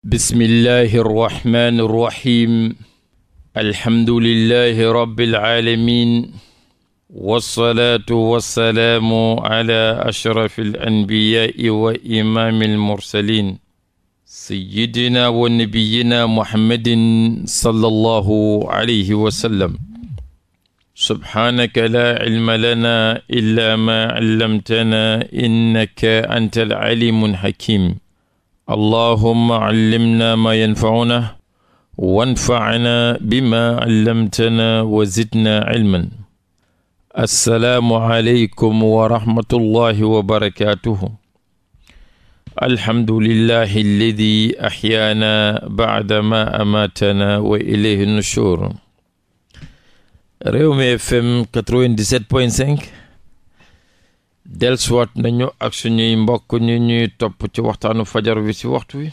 bismillahi arrahmani irrahim alhamdulillahi rabbil alamin wassalaatu wassalaamu ala ashrafi alanbiyaai wa imaami almursalin sayidina wa nabiyina muhammadin sallallahu alayhi wa sallam subhaanaka laa cilma lanaa illaa maa callamtanaa innaka anta alcalimu alxakim allahuma callimna maa yanfacuna wanfacna bimaa callamtana wa zidna cilman assalaamu aleykum wa rahmatullahi wa barakaatuhu alhamdulillahi alladi axyaana bacda ma amaatana wa ilayhi nushur Rewmi FM 97.5 delsuwaat nañu ak suñuy mbokk ñu ñuy topp ci waxtaanu fajar wi ci waxtu wi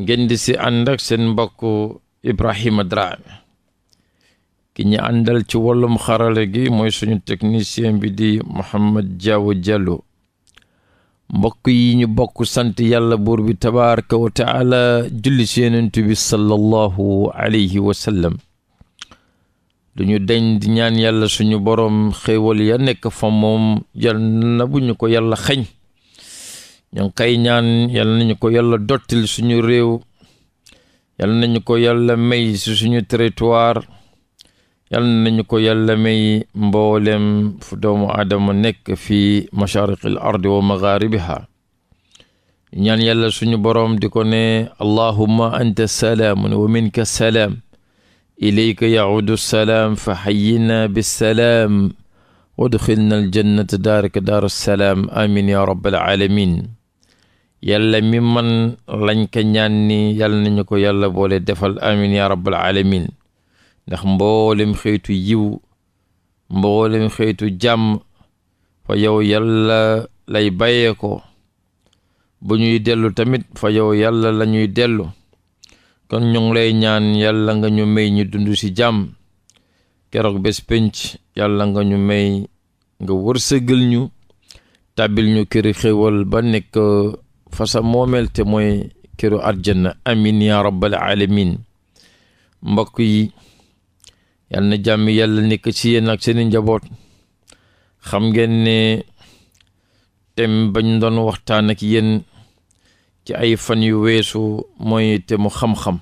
ngeen di si ànd ak seen mbokk Ibrahima Drame ki ñu àndal ci wàllum xarala gi mooy suñu technicien bi di Mohammed Diawo Diallo mbokk yi ñu bokk sant yàlla buur bi tabaraka wa taala julli ci yonent bi sallallahu alayhi wa duñu deñ di ñaan yàlla suñu boroom xéewal ya nekk fa moom yal na bu ñu ko yàlla xeñ ñu ngi koy ñaan yal nañu ko yàlla dottil suñu réew yal nañu ko yàlla may si suñu territoire yal nañu ko yàlla may mboolem fu doomu aadama nekk fii mashariqil ardi wa magharibiha ñaan yàlla suñu boroom di ko ne allahumma anta salaamun wa minka salaam ilayka yacuudu salaam fa xayinaa bisalaam wadxilna aljannata daaraka daaru salaam amin ya rabbal alamin yàlla mi man lañ ko ñaan ni yàlla nañu ko yàlla boole defal amin ya rabbal alamin ndax mboolem xeetu yiw mboolem xeetu jàmm fa yow yàlla lay bàyyee bu ñuy dellu tamit fa yow yàlla la ñuy dellu kon ñu ngi lay ñaan yàlla nga ñu may ñu dund ci jàmm keroog bés pénc yàlla nga ñu may nga wërsëgal ñu tàbbil ñu këri xéwal ba nekk fasa sa moomeel te mooy këru àjjana amin ya rabbal alamin mbokk yi yal na jàmm yàlla nekk ci yéen ak seeni njaboot xam ngeen ne tem bañ doon waxtaan ak yéen ci ay fan yu weesu mooy te mu xam-xam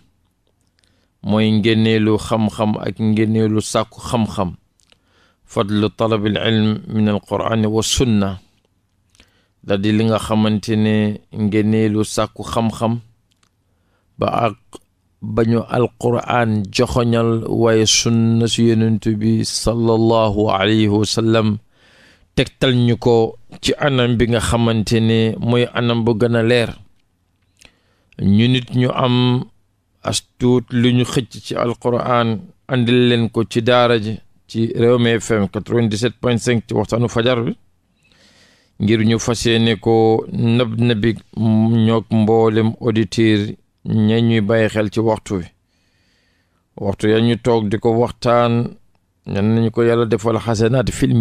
mooy ngénneelu xam-xam ak ngénneelu sakku xam-xam fadlu talabil ilm min al wa sunna da di li nga xamante ne ngénneelu sàkku xam-xam ba ak bañu alquraan joxoñal waaye sunna su yonent bi sallallahu alayhi wa tegtal ñu ko ci anam bi nga xamante ne mooy anam bu gën a leer ñu nit ñu am astuut lu ñu xëcc ci alquran andil leen ko ci daara ji ci Rewmi FM 97.5 ci waxtaanu fajar bi ngir ñu fas yéene ko nab ñook mboolem auditeur ña ñuy bàyyi xel ci waxtu wi waxtu ya ñu toog di ko waxtaan ñan nañu ko yàlla defal xasanaat fil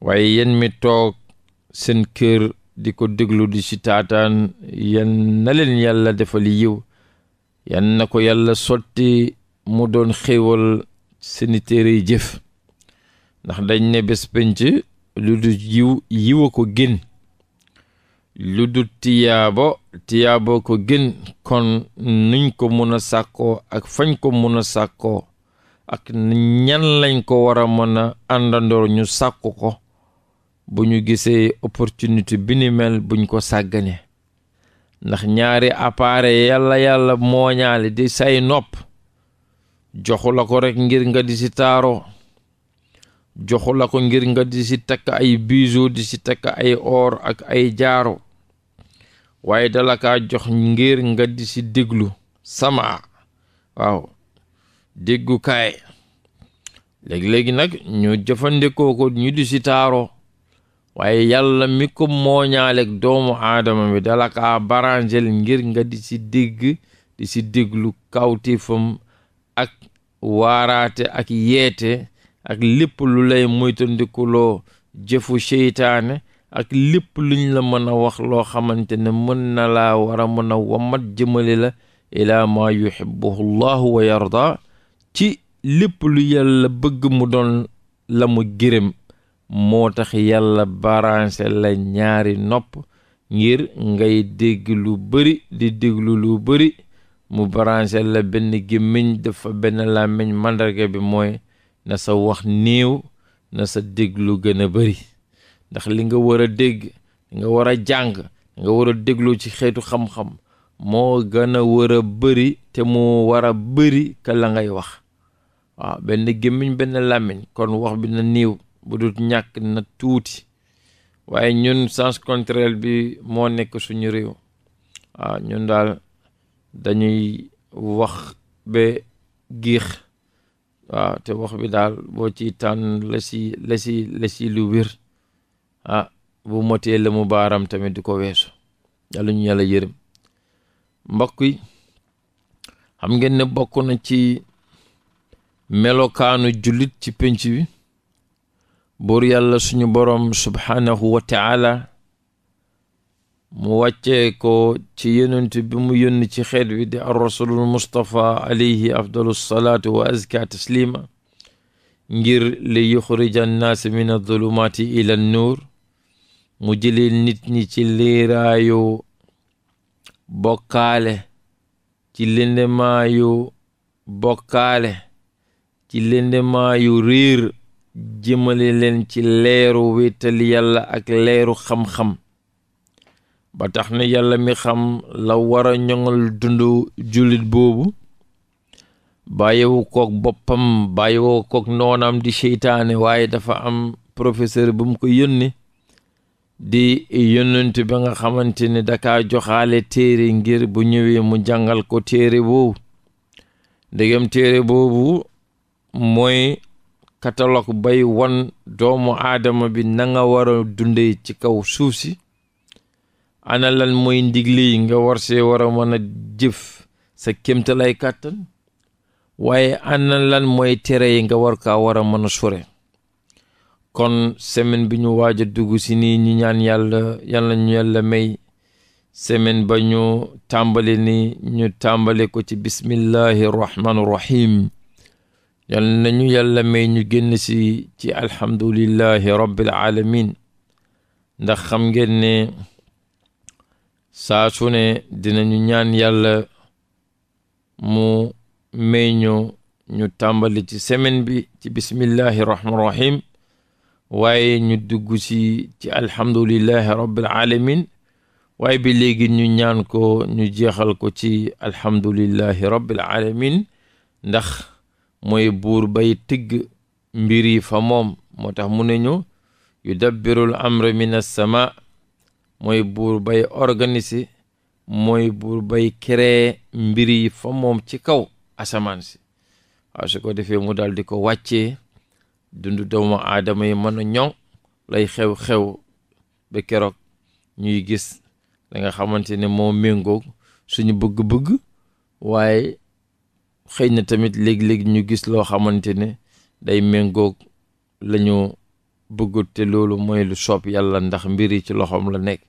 waaye yéen mi toog seen kër di ko déglu di ci taataan yan na leen yàlla defal yiw yan na ko yàlla sotti mu doon xéewal seeni téere yi jëf ndax dañ ne bés penc lu du yiw yiw ko gën lu du tiyaabo tiyaabo ko gën kon nuñ ko mun a sàkkoo ak fañ ko mun a sàkkoo ak ñan lañ ko war a mën a àndandoor ñu sàkku ko bu ñu gisee opportunité bi ni mel buñ ko sàggane ndax ñaari appareil yàlla yàlla mooñaale di say nopp joxu la ko rek ngir nga di si taaro joxu la ko ngir nga di si takk ay bijoux di si takk ay or ak ay jaaro waaye dalakaa jox ngir nga di si déglu sama waaw déggukaay léegi-léegi nag ñu jëfandikoo ko ñu di si taaro waaye yàlla mi ko mooñaaleeg doomu aadama bi dala kaa ngir nga di ci dégg di ci déglu kawtifam ak waaraate ak yeete ak lépp lu lay moytandikuloo jëfu seytaane ak lépp luñ la mën a wax loo xamante ne mën na laa war a mën a wamat jëmale la ilaa maa yuhibbuhu llahu wa yarda ci lépp lu yàlla bëgg mu doon la mu gërëm moo tax yàlla baranse la ñaari nopp ngir ngay dégg lu bari di déglu lu bari mu baranse la benn gémmiñ dafa benn làmmiñ màndarga bi mooy na sa wax néew na sa déglu gën a bari ndax li nga war a dégg nga war a jàng nga war a déglu ci xeetu xam-xam moo gën a war a bari te moo war a bari ka la ngay wax waaw benn gémmiñ benn làmmiñ kon wax bi na néew bu dul ñàkk na tuuti waaye ñun sens contraire bi moo nekk suñu réew waaw ah, ñun daal dañuy wax ba giix waaw ah, te wax bi daal boo ci tànn la si la si la si lu wér ah bu motee la mu baaram tamit di ko weesu yàlla ñu yàlla yërëm mbokk yi xam ngeen ne bokk na ci melokaanu jullit ci penc bi buur yàlla suñu boroom subhaanahu wa mu wàccee ko ci yonent bi mu yónn ci xeet wi di ar rasulul mustapha alayhi afdalu salaatu wa azka taslima ngir li yuxrija annaas min adulumaati ila nuur mu jëlee nit ñi ci liiraayu bokkaale ci lëndemaayu bokkaale ci lëndemaayu riir jëmale leen ci leeru wéetal yàlla ak leeru xam-xam ba tax na yàlla mi xam la wara a ñoŋal jullit boobu bàyyiwu ko boppam bàyyiwu kook noonam di seytaane waaye dafa am professeur bu mu ko yónni di yónnent ba nga xamante ne dakaa joxaale téere ngir bu ñëwee mu jàngal ko téere boobu ndegam téere boobu mooy catalogue bay won doomu aadama bi nanga war a dundee ci kaw suuf si ana lan mooy ndigle yi nga war see war a mën a jëf sa kémtalay kàttan waaye ana lan mooy tere yi nga war kaa war a mën a sore kon semaine bi ñu waaj a dugg si nii ñu ñaan yàlla yàlla ñu yàlla may semaine ba ñu tàmbali ni ñu tàmbali ko ci bismillahi rahmaani rahim yal nañu yàlla may ñu génn si ci alhamdulillahi rabbil alamin ndax xam ngeen ne saa su ne dinañu ñaan yàlla mu may ñu ñu tàmbali ci semaine bi ci bismillahi rahmaani rahim waaye ñu dugg si ci alhamdulillahi rabbil alamin waaye bi léegi ñu ñaan ko ñu jeexal ko ci alhamdulillahi rabbil alamin ndax mooy buur bay tigg mbir yi fa moom moo tax mu ne ñu yu amra min as-sama mooy buur bay organiser mooy buur bay créer mbir yi fa moom ci kaw asamaan si waaw su ko defee mu dal di ko wàccee dundu doomu aadama yi mën a ñoŋ lay xew-xew ba keroog ñuy gis da nga xamante ne moo méngoog suñu bëgg-bëgg waaye xëy na tamit léeg-léeg ñu gis loo xamante ne day méngoog la ñu bëggut te loolu mooy lu soob yàlla ndax mbir yi ci loxoom la nekk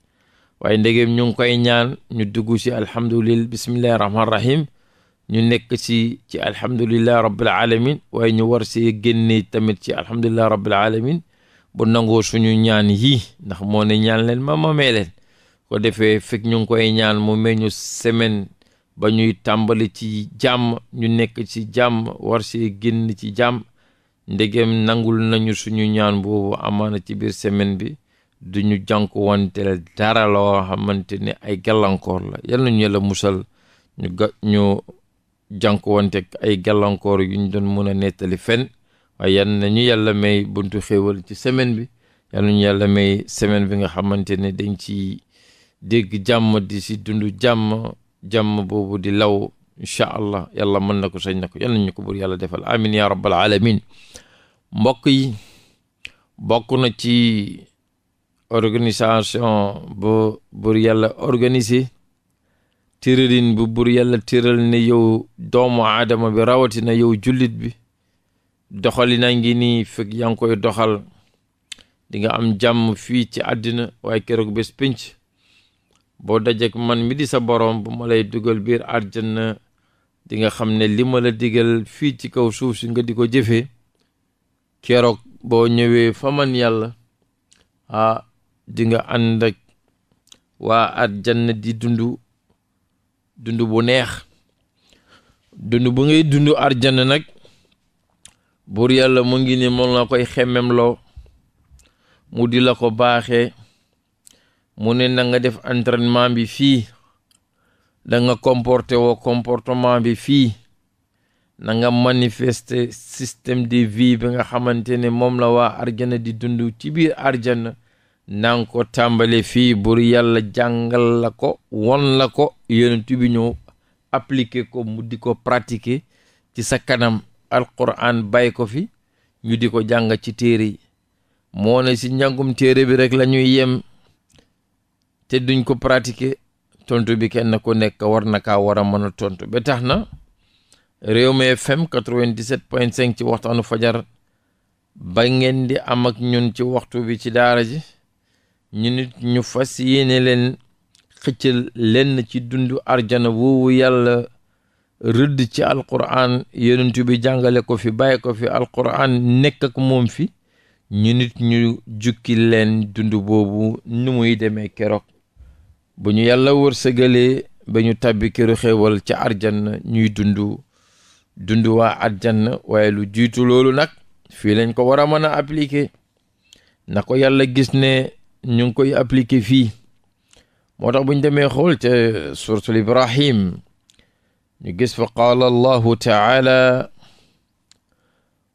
waaye ndegem ñu ngi koy ñaan ñu dugg ci alhamdulillah bismillahi rahmaani rahim ñu nekk ci ci alhamdulilah rabbil alamin waaye ñu war see génne tamit ci alhamdulilah rabbil alamin bu nangoo suñu ñaan yi ndax moo ne ñaan leen ma mamee leen ko defee fekk ñu koy ñaan mu meñu semaine ba ñuy tàmbali ci jàmm ñu nekk ci jàmm war see génn ci jàmm ndegem nangul nañu suñu ñaan boobu amaana ci biir semaine bi duñu jànk wante dara loo xamante ne ay gàllankoor la yal nañu yàlla musal ñu ga ñu ay gàllankoor yu doon mën a nettali fen waaye yal yàlla may buntu xéewal ci semaine bi yal nañu yàlla may semaine bi nga xamante ne dañ ci dégg jàmm di si dund jàmm jàmm boobu di law incha allah yàlla mën na ko sañ na ko yal nañu ko buur yàlla defal amin ya rabbal alamin mbokk yi bokk na ci organisation bu buur yàlla organisé tëralin bu buur yàlla tëral ne yow doomu aadama bi rawatina yow jullit bi doxali na ngi nii fekk yaa ngi koy doxal dinga am jàmm fii ci àddina waaye keroog bés pénc boo dajek man mi di sa boroom bu ma lay dugal biir àjjana di nga xam ne li ma la digal fii ci kaw suuf si nga di ko jëfee keroog boo ñëwee fa man yàlla ah di nga ànd ak waa àjjana di dund dund bu neex dund bu ngay dund àjjana nag buur yàlla mu ngi ne moom la koy xemmem loo mu di la ko baaxee mu ne na nga def entraînement bi fii da nga comporté woo comportement bi fii na nga manifester système de vie bi nga xamante ne moom la waa arjana di dund ci biir arjana na ko tàmbale fii bur yàlla jàngal la ko won la ko yonent bi ñëw appliquer ko mu di ko pratike ci sa kanam alquran bay ko fi ñu di ko jàng ci téere yi moo si njàngum téere bi rek la yem te duñ ko pratiquer tontu bi kenn ku nekk war na kaa war a mën a tontu ba tax na Rewmi FM 97.5 ci waxtaanu fajar ba ngeen di amak ñun ci waxtu bi ci daara ji ñu nit ñu fas yéene leen xëccal lenn ci dundu arjana woowu yàlla rëdd ci alquran yonent bi jàngale ko fi bàyyi ko fi alquran nekk ak moom fi ñu nit ñu jukki leen dundu boobu nu muy demee keroog bu ñu yàlla wërsëgalee ba ñu tàbbi këru xéewal ca arjanna ñuy dund dunduwaa waa arjanna waaye lu jiitu loolu nag fii lañ ko war a mën a appliquer na ko yàlla gis ne ñu ngi koy appliquer fii moo tax bu ñu demee xool ca suratul ibrahim ñu gis fa qaala allahu taala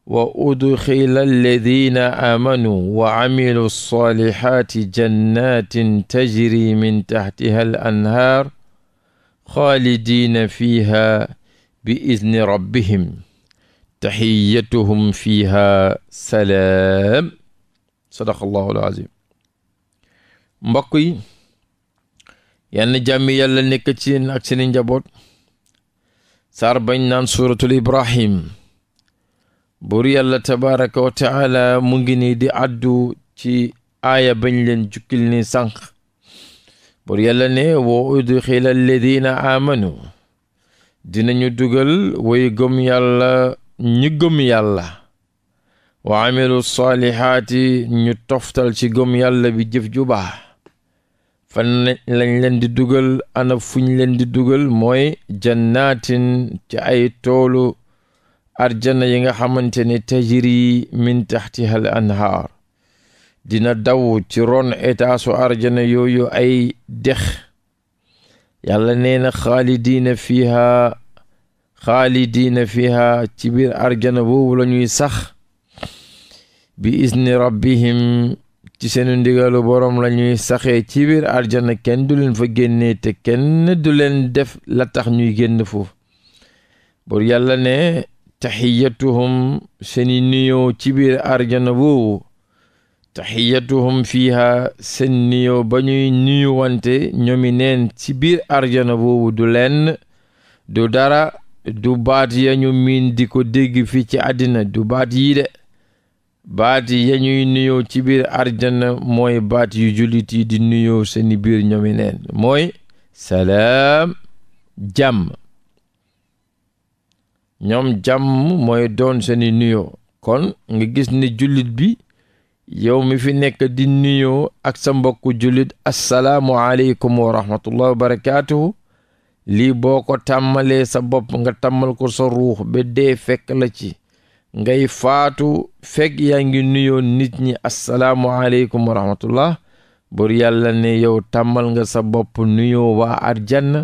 wa udxila alladina aamanuu wa camilu lsalixaati jannatin tajri min taxtiha al anhaar xaalidiina fiiha bi idni rabbihim taxiyatuhum fiiha salaam sadaqa allahu alazim mbokk yi yenn jàmmi yàlla nekk ci yéen ak seeni njaboot saar bañ naan suuratul ibrahim buur yàlla tabaraka wa taala mu ngi ni di àddu ci aaya bañ leen jukkil ni sànq buur yàlla ne wa udxila alladina aamanu dinañu dugal woy gom yàlla ñu gëm yàlla wa amilu saalihaati ñu toftal ci gom yàlla bi jëf ju baax fan lañ leen di dugal ana fuñ leen di dugal mooy jannaatin ci ay toolu arjana yi nga xamante ne tajri min taxtiha al anhaar dina daw ci ron etaasu arjana yooyu ay dex yàlla nee na xaalidiina fiha xaalidiina fiha ci biir arjana boobu la ñuy sax bi izni rabbihim ci seenu ndigalu boroom la ñuy saxee ci biir arjana kenn du leen fa génne te kenn du leen def la ñuy génn foofu bur yàlla ne taxiyatuhum seeni nuyoo ci biir arjana woowu taxiyatuhum fiiha seen nuyoo ba ñuy nuyuwante ñoomi neen ci biir arjana woowu du lenn du dara du baat yañu miin di ko dégg fii ci àddina du baat yii de baat yañuy nuyoo ci biir arjana mooy baat yu jullit yi di nuyoo seeni biir ñoomi neen salaam jàmm ñoom jàmm mooy doon seeni nuyoo kon nga gis ni jullit bi yow mi fi nekk di nuyoo ak sa mbokku jullit assalaamu aleykum wa rahmatullahi wa lii boo ko tàmmalee sa bopp nga tàmmal ko sa ruux ba dee fekk la ci ngay faatu fek yaa ngi nuyoo nit ñi assalaamu aleykum wa rahmatullah bur yàlla ne yow tàmmal nga sa bopp nuyoo waa arjanna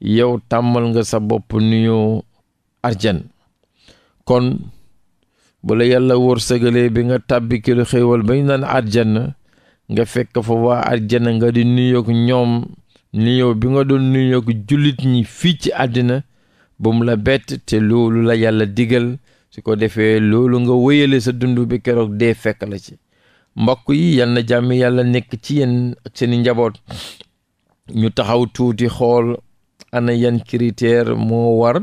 yow tàmmal nga sa bopp nuyoo arjan kon bu la yàlla wërsëgalee bi nga tàbbi ki lu xéewal ba ñu naan arjan nga fekk fa waa arjan nga di nuyoog ñoom nuyoo bi nga doon nuyoog jullit ñi fii ci àddina bu mu la bett te loolu la yàlla digal su ko defee loolu nga wéyale sa dund bi keroog dee fekk la ci mbokk yi yal jàmm yàlla nekk ci yéen ak seeni njaboot ñu taxaw tuuti xool ana yan critère moo war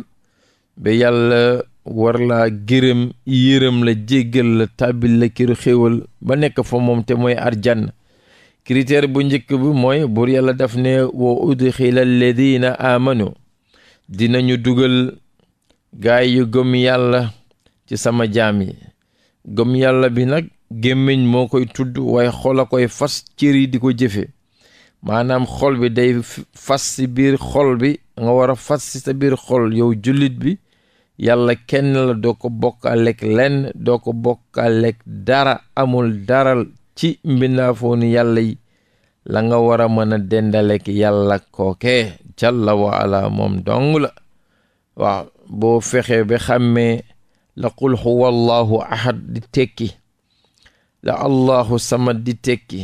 ba yàlla war laa gërëm yërëm la jéggal la tàbbil la kiru xéwal ba nekk fa moom te mooy ar arjan critère bu njëkk bi mooy buur yàlla daf ne wa udxila alladina amanu dinañu dugal gaay yu gëm yàlla ci sama jaam yi gëm yàlla bi nag gémmiñ moo koy tudd waaye xol a koy fas cër yi di ko jëfe maanaam xol bi day fas ci biir xol bi nga war a fas ci sa biir xol yow jullit bi yàlla kenn la doo ko bokkaaleeg lenn doo ko bokkaaleeg dara amul dara ci mbindaafooni yàlla yi la nga war a mën a dendaleeg yàlla kooke jàlla wa ala moom dong la waaw boo fexe ba xàmmee la qul huwa allahu ahad di tekki la allahu samad di tekki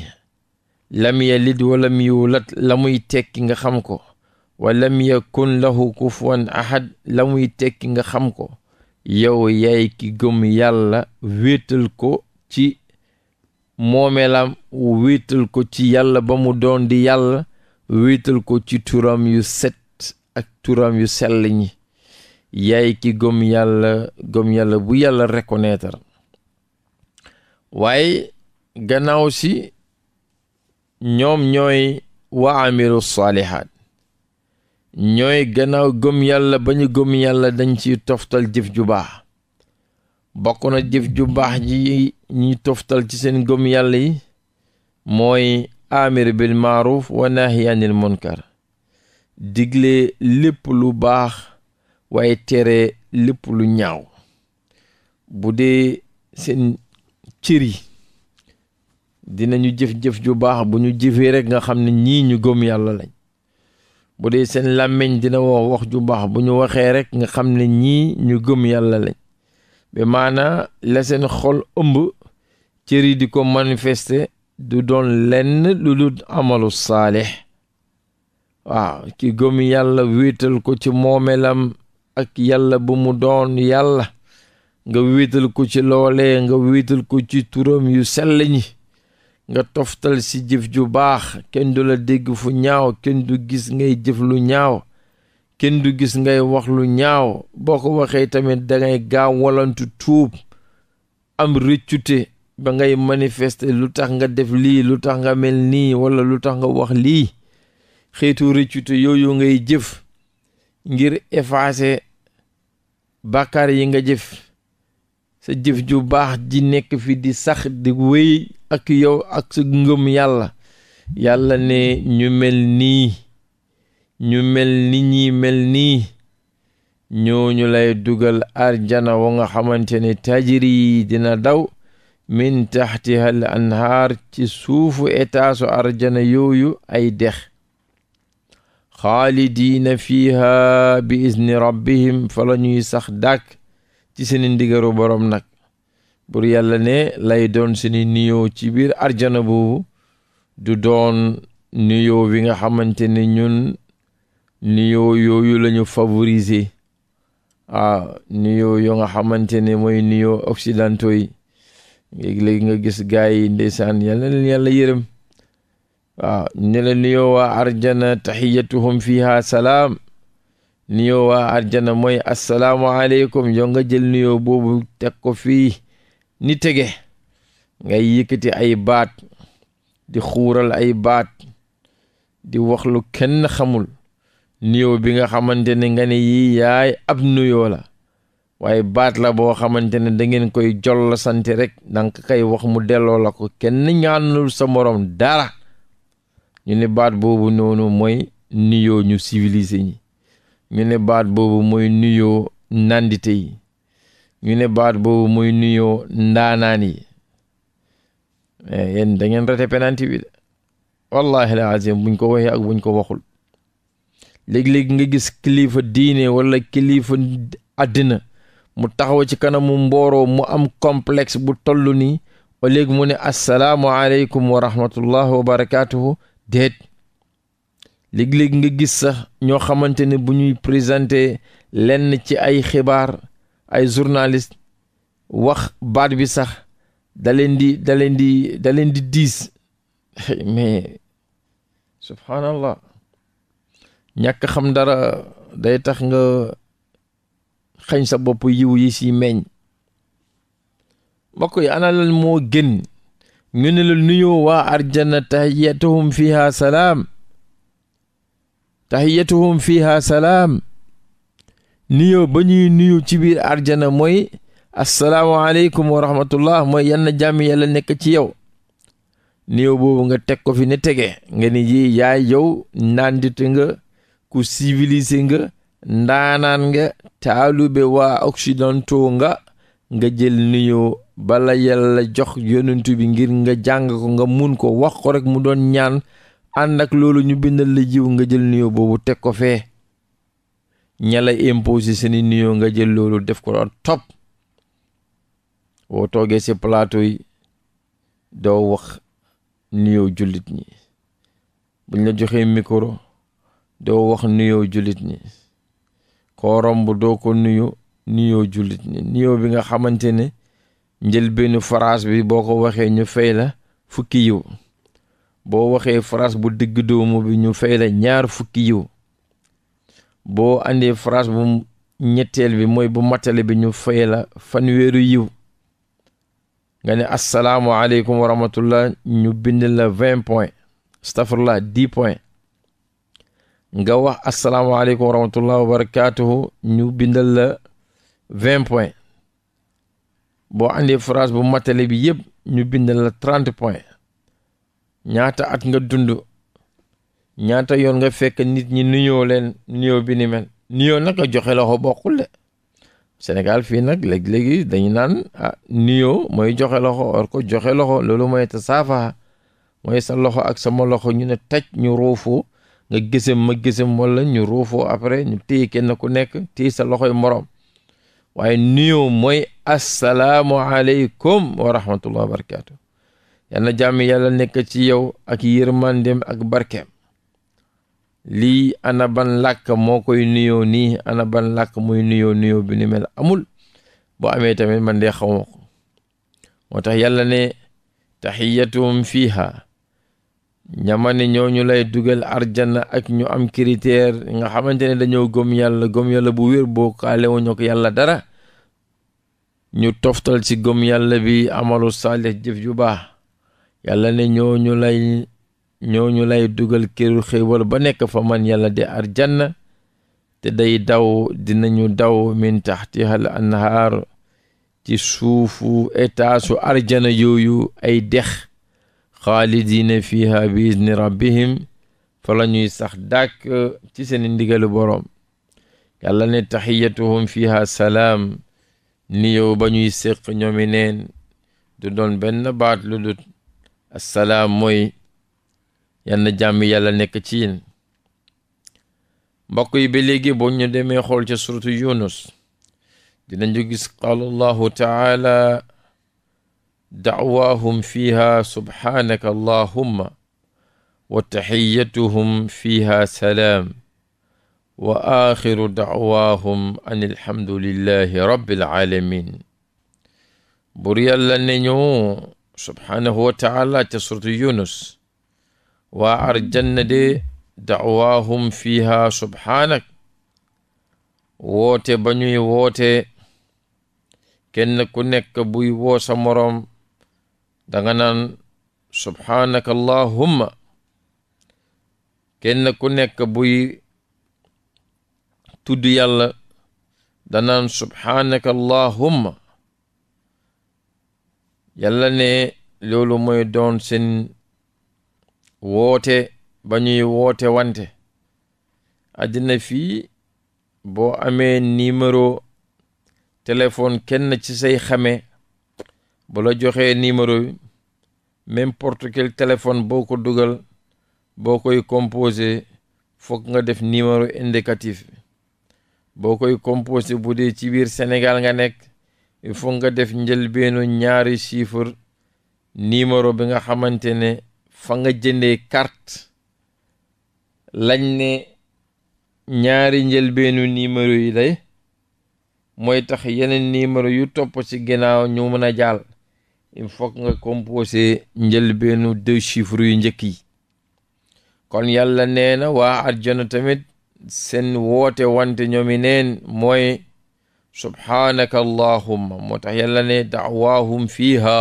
lam yalid walam yuulat la muy tekki nga xam ko wa lam yakun lahu kufuwan ahad la muy tekki nga xam ko yow yaay ki gëm yàlla wéetal ko ci moomeelam wéetal ko ci yàlla ba mu doon di yàlla wéetal ko ci turam yu set ak turam yu sell ñi yaay ki gëm yàlla gëm yàlla bu yàlla reconnaître waaye gannaaw si ñoom ñooy wa amilu saalihaat ñooy gannaaw góom yàlla ba ñu gëm yàlla dañ ci toftal jëf ju baax bokk na jëf ju baax ji ñuy toftal ci seen góom yàlla yi mooy amir bil maaruf wa nahi munkar digle lépp lu baax waaye tere lépp lu ñaaw bu dee seen cër yi dinañu jëf-jëf ju baax bu ñu jëfee rekk nga xam ne ñii ñu góom yàlla lañ bu dee seen làmmiñ dina wax wax ju baax bu ñu waxee rek nga xam ni ñii ñu gëm yàlla lañ bi maanaa la seen xol ëmb cër di ko manifeste du doon lenn lu dul amalu saalix waaw ci gëm yàlla wéetal ko ci moomeelam ak yàlla bu mu doon yàlla nga wéetal ko ci loolee nga wéetal ko ci turam yu sell ñi nga toftal ci jëf ju baax kenn du la dégg fu ñaaw kenn du gis ngay jëf lu ñaaw kenn du gis ngay wax lu ñaaw boo ko waxee tamit dangay gaaw walantu tuub am rëccute ba ngay manifester lu tax nga def lii lu tax nga mel nii walla lu tax nga wax lii xeetu rëccute yooyu ngay jëf ngir effacer bàkkaar yi nga jëf sa jëf ju baax ji nekk fi di sax di wéy ak yow ak sa ngëm yàlla yàlla ne ñu mel nii ñu mel ni ñi mel nii ñooñu lay dugal arjana wa nga xamante ne tajiri dina daw min taxtiha al anhaar ci suufu etaasu arjana yooyu ay dex xaalidiina fiiha bi izni rabbihim fa la ñuy sax dàkk ci seen ndigaru boroom nag bur yàlla ne lay doon seeni nuyoo ci biir arjana boobu du doon nuyoo wi nga xamante ne ñun nuyoo yooyu lañu ñu favoriser ah nuyoo yoo nga xamante ne moy nuyoo occidentaux yi léegi nga gis gaay yi ndeysaan yàlla leen yàlla yërëm waaw ah, ne la nuyoo waa arjana taxiyatuhum fiha salaam nuyoo waa arjana mooy asalaamualeykum yoo nga jël nuyoo boobu teg ko fii ni tege ngay yëkkati ay baat di xuural ay baat di wax lu kenn xamul nuyoo bi nga xamante ne nga ne yii yaay ab nuyoo la waaye baat la boo xamante ne dangeen koy jolla sant rek danga kay wax mu delloo la ko kenn ñaanul sa moroom dara ñu ne baat boobu noonu moy nuyoo ñu civilisé ñi ñu ne baat boobu mooy nuyoo nandite yi ñu ne baat boobu muy nuyoo ndaanaan yi eh, yéen da ngeen de wallahi la azim buñ ko waxee ak buñ ko waxul léegi-léegi nga gis kilifa diine walla kilifa àddina mu taxaw ci kanamu mbooroo mu am komplex bu toll nii ba mu ne assalaamu aleykum wa rahmatullah wa barakaatuhu déet léegi-léegi nga gis sax ñoo xamante ne bu ñuy présenté lenn ci ay xibaar ay journaliste wax baat bi sax da leen di da di diis mais subhaanallah ñàkk xam dara day tax nga xañ sa bopp yiw yi si meñ mbokk yi ana moo gën ñu ne la nuyoo waa arjana tahiyatuhum fiha salaam tahiyatuhum fiha salaam nuyoo ba ñuy nuyu ci biir arjana mooy asalaamaaleykum wa rahmatullah mooy yann jàmm yàlla nekk ci yow nuyoo boobu nga teg ko fi ne tege nga ni ji yaay yow nandite nga ku civilisé nga ndaanaan nga taalube waa occidentaux nga nga jël nuyoo bala yàlla jox yonentu bi ngir nga jàng ko nga mun ko wax ko rek mu doon ñaan ànd loolu ñu bindal la jiw nga jël nuyoo boobu teg ko fee ña la imposé seeni nuyoo nga jël loolu def ko doon topp boo toogee ci plateau yi doo wax nuyoo jullit ñi buñ la joxee mikoro doo wax nuyoo jullit ñi koo romb doo ko nuyu nuyoo jullit ñi nuyoo bi nga xamante ne njëlbeenu phrase bi boo ko waxee ñu fay la fukki yiw boo waxee phrase bu digg doomu bi ñu fay la ñaar fukki yiw boo andee phrase bu ñetteel bi mooy bu matale bi ñu fay la fanweeru yiw nga ne asalaamaaleykum wa rahmatullah ñu bind la vingt point astafurlah point nga wax asalaamaaleykum wa rahmatullah wa barakaatuhu ñu bindal la point boo andee phrase bu matale bi yëpp ñu bindal la trente point ñaata at nga dund ñaata yoon nga fekk nit ñi nuyoo leen nuyoo bi ni mel nuyoo nag joxe loxo bokkul de Sénégal fii nag léegi-léegi dañu naan ah nuyoo mooy joxe loxo or ko joxe loxo loolu mooy te mooy sa loxo ak sama loxo ñu ne taj ñu roofoo nga gisam ma gisam wala ñu roofoo après ñu téye kenn ku nekk téye sa loxoy moroom waaye nuyoo mooy asalaamualeykum wa rahmatullah wa barakaatu na jàmm yàlla nekk ci yow ak yërmandem ak barkeem lii ana ban làkk moo koy nuyoo nii ana ban làkk muy nuyoo nuyoo bi ni mel amul boo amee tamit man de xawma ko moo tax yàlla ne taxiyatum fiha ñama ne ñu lay dugal arjana ak ñu am kiriteer nga xamante ne dañoo gëm yàlla gëm yàlla bu wér boo kaale wuñu yàlla dara ñu toftal ci gëm yàlla bi amalu saalix jëf ju baax yàlla ne ñooñu lay ñu lay dugal këru xéewal ba nekk fa man yàlla di arjanna te day daw dinañu daw min taxtihal anhaar ci suufu etaasu arjana yooyu ay dex xaalidiina fiha bi izni rabbihim fa la sax dàkk ci seen ndigalu boroom yàlla ne taxiyatuhum fiha salaam ni yow ba ñuy séq ñoomi neen du doon benn baat lu dut assalaam mooy yan na jàmm yàlla nekk ci yéen mbokk yi ba léegi boo ñu demee xool ca suratu yunus dinañu gis qaala allahu taala dacwaahum fiha subhaanaka allahumma wa taxiyatuhum fiha salaam wa axiru dacwaahum an alhamdulillahi rabbil alamin bur yàlla ñu subhaanahu wa taala ca suratu yunus waa arjanna de da'waahum fiha subhaanak woote ba ñuy woote kenn ku nekk buy woo sa moroom danga naan kenn ku nekk buy tudd yàlla danaan subhaanaka allahumma yàlla ne loolu moy doon sen woote ba ñuy woote wante àddina fii boo amee numéro téléphone kenn ci say xame bala joxee numéro bi même porte quel téléphone boo ko dugal boo koy composé foog nga def numéro indicatif boo koy composé bu dee ci biir senegal nga nekk il faut nga def njël njëlbeenu ñaari chiffre numéro bi nga xamante ne fa nga jëndee carte lañ ne ñaari njëlbeenu numéro yi day mooy tax yeneen numéro yu topp ci ginnaaw ñu mën a jàll il nga composé njëlbeenu deux chiffres yu njëkk yi kon yàlla nee na waa àjjana tamit sen woote wante ñoomi neen mooy subhaanaka moo tax yàlla ne daawaahum fiiha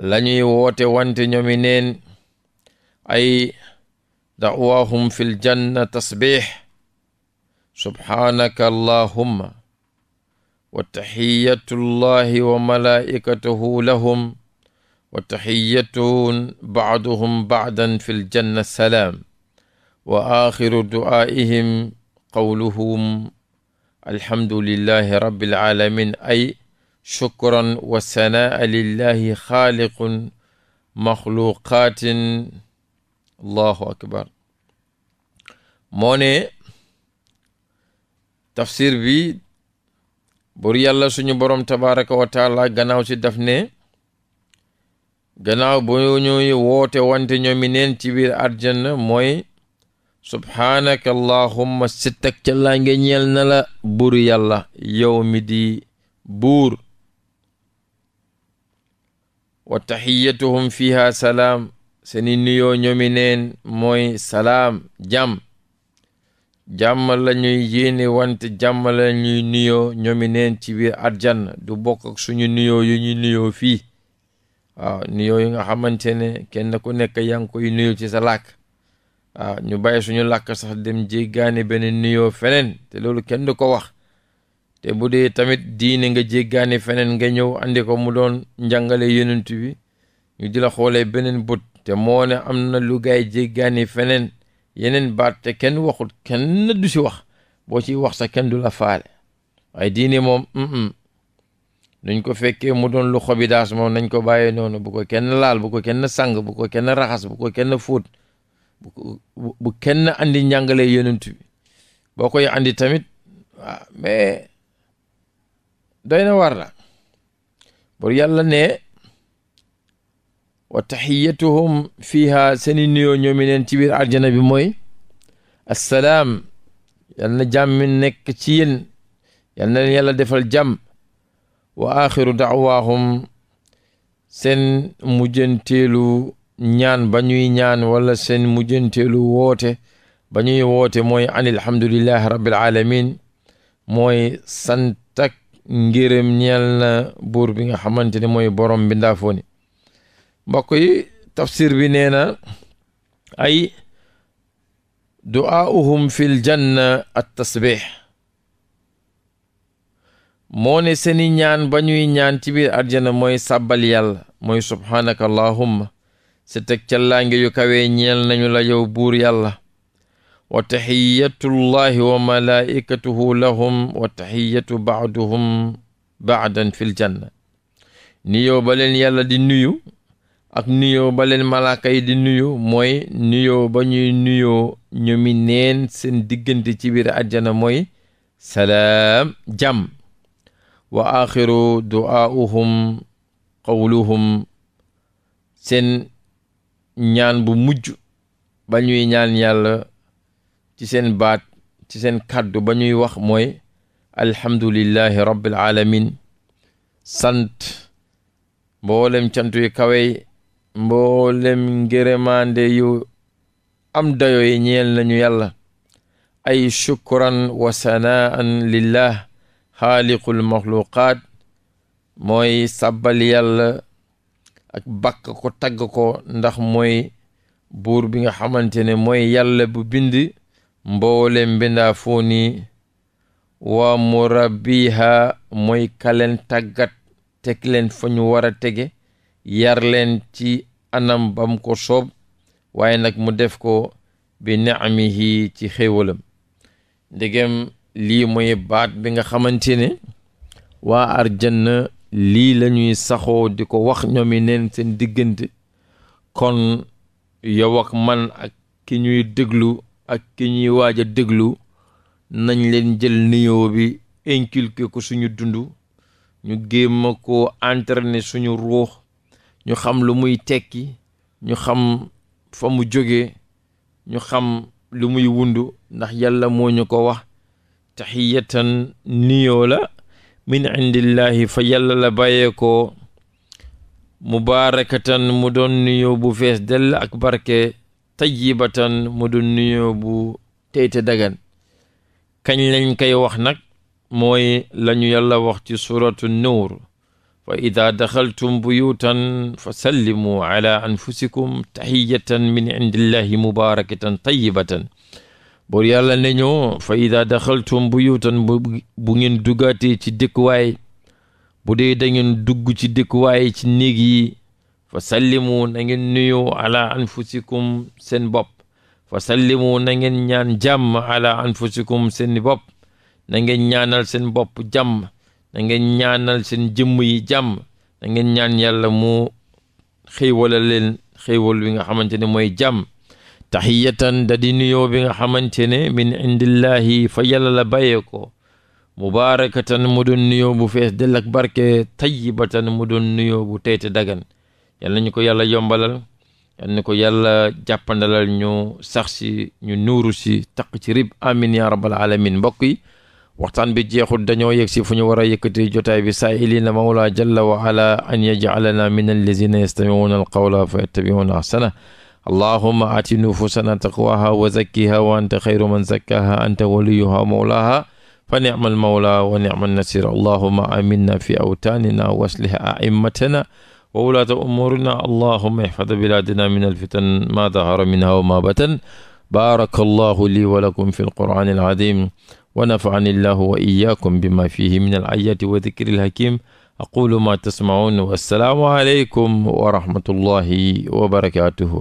lañuy woote wante ñoomi neen ay da'waahum fil janna tasbih subhaanaka allahumma wa taxiyatu llahi wa malaikatahu lahum wa taxiyatun baadan fi ljanna salaam wa axiru du'aaihim qawluhum alhamdulillahi rabbil alamin shukran wa sanaa lillahi xaaliqun maxluqaatin allahu akbar moo ne tafsir bi bur yàlla suñu borom tabaraka wa taala gannaaw si daf ne gannaaw bu woote wante ñoomi neen ci biir arjanna mooy subhaanaka allahumma settak ca laa nge ñeel na la bur yàlla yow mi di buur wa taxiyatuhum fiha salaam seeni nuyoo ñoomi neen mooy salaam jàmm jàmm lañuy ñuy wante jàmm la ñuy nuyoo ñoomi neen ci biir àjjana du bokk suñu nuyoo yu ñu nuyoo fii waaw nuyoo yi nga xamante ne kenn ku nekk yaa koy nuyoo ci sa làkk waaw ñu bàyyi suñu lakk sax dem jéggaani benn nuyoo feneen te loolu kenn du ko wax te bu dee tamit diine nga jéggaane feneen nga ñëw andi ko mu doon njàngale yonent bi ñu di la xoolee beneen bët te moone am na lu gaay jéggaane feneen yeneen baat te kenn waxut kenn du si wax boo ci wax sa kenn du la faale waaye diine moom nuñ ko fekkee mu doon lu xobidaas moom nañ ko bàyyee noonu bu ko kenn laal bu ko kenn sang bu ko kenn raxas bu ko kenn fóot bu kenn andi njàngale yonent bi boo koy andi tamit waaw ah, doy na war la bur yàlla ne wa fii fiha seeni nuyoo ñoomi neen ci biir arjana bi mooy assalaam yal na jàmm nekk ci yéen yàlla defal jàmm wa axiru daawaahum seen mujjanteelu ñaan ba ñaan wala seen mujjanteelu woote ba ñuy woote mooy an alhamdulillahi rabbil alamin mooy sant ngërëm ñeel na buur bi nga xamante ne mooy borom bi ndaafoo mbokk yi tafsir bi nee na ay duaauhum fil janna at tasbih moo ne seeni ñaan ba ñuy ñaan ci biir arjana mooy sàbbal yàlla mooy subhaanaka allahumma se teg ca yu kawee ñeel nañu la yow buur yàlla wa taxiyatu llahi wa malaikatuhu lahum wa taxiyatu baaduhum baadan fil janna nuyoo ba leen di nuyu ak nuyoo ba leen di nuyu mooy nuyoo ba ñuy nuyoo ñoomi neen seen diggante ci biir àjjana salaam jàmm wa axiru duaauhum qawluhum seen ñaan bu mujj ba ñaan yàlla ci seen baat ci seen kàddu ba ñuy wax mooy alhamdulillahi rabbil alamin sant mboolem cant yu kawey mboolem ngërëmaande yu am dayo yi ñeel nañu yàlla ay shukran wa sanaan lillah xaaliqul maxluqaat mooy sabal yàlla ak bàkk ko tagg ko ndax mooy buur bi nga xamante ne mooy yàlla bu bind mboole mbindaafooni wa murabbiha mooy kaleen tàggat teg leen fa ñu war a tege yar leen ci anam bam ko soob waaye nag mu def ko bi yi ci xéewalam ndegem lii mooy baat bi nga xamante ne waa arjanna lii lañuy saxoo di ko wax ñoom yi neen seen diggante kon yowak man ak ki ñuy déglu ak ki ñuy waaj a déglu nañ leen jël nuyoo bi inculquer ko suñu dund ñu géem a koo entraîner suñu ruux ñu xam lu muy tekki ñu xam fa mu jógee ñu xam lu muy wundu ndax yàlla moo ñu ko wax taxiyatan nuyoo la min indillahi fa yàlla la bàyyee ko mubaarakatan mu doon nuyoo bu fees dell ak barke tayyibatan mu du nuyoo bu tey dagan kañ lañ koy wax nag mooy lañu yàlla wax ci suratu nuur fa ida daxaltum buyutan fa sallimu ala anfusikum tahiyatan min indillahi mubarakatan tayyibatan buur yàlla ne ñoo fa ida daxaltum buyutan bu ngeen duggaatee ci dëkkuwaay bu dee da dugg ci dëkkuwaay ci néeg yi fa sallimu na ngeen nuyu ala anfusikum seen bopp fa sallimu na ngeen ñaan jàmm ala anfusikum seen bopp na ngeen ñaanal seen bopp jàmm na ngeen ñaanal seen jëmm yi jàmm na ngeen ñaan yàlla mu xéewala leen xéewal nga xamante ne mooy jàmm taxiyatan da di nuyoo bi nga xamante ne min indillahi fa yàlla la bàyyee ko mubaarakatan mu doon nuyoo bu fees del ak barke tayyibatan mu doon nuyoo bu teyte dagan yal nañu ko yàlla yombalal yal na ko yàlla jàppandalal ñu sax ñu nuuru si taq ci rib amin ya rabbal alamin mbokk yi waxtaan bi jeexul dañoo yegg si fu ñu war a yëkkati jotaay bi saa ili na mawla jalla wa ala an yajalana min allazina yastamiuna alqawla fa yattabiuna ahsana allahuma aati nufusana taqwaha wa zakkiha wa man zakkaha anta waliyuha mawlaha fa nicma almawla wa nicma aminna fi awtanina waslih aimatana wa wulaata umuurina allahuma ihfad bilaadina min alfitan maa dahara minha wa maa batan baaraka allahu lii wa lakum fi alqur'an alazim wa nafa'ani allahu wa iyaakum bima fihi min alayati wa dikri alhakim aqulu maa tasma'un wassalaamu aleykum wa rahmatullahi wa barakatuhu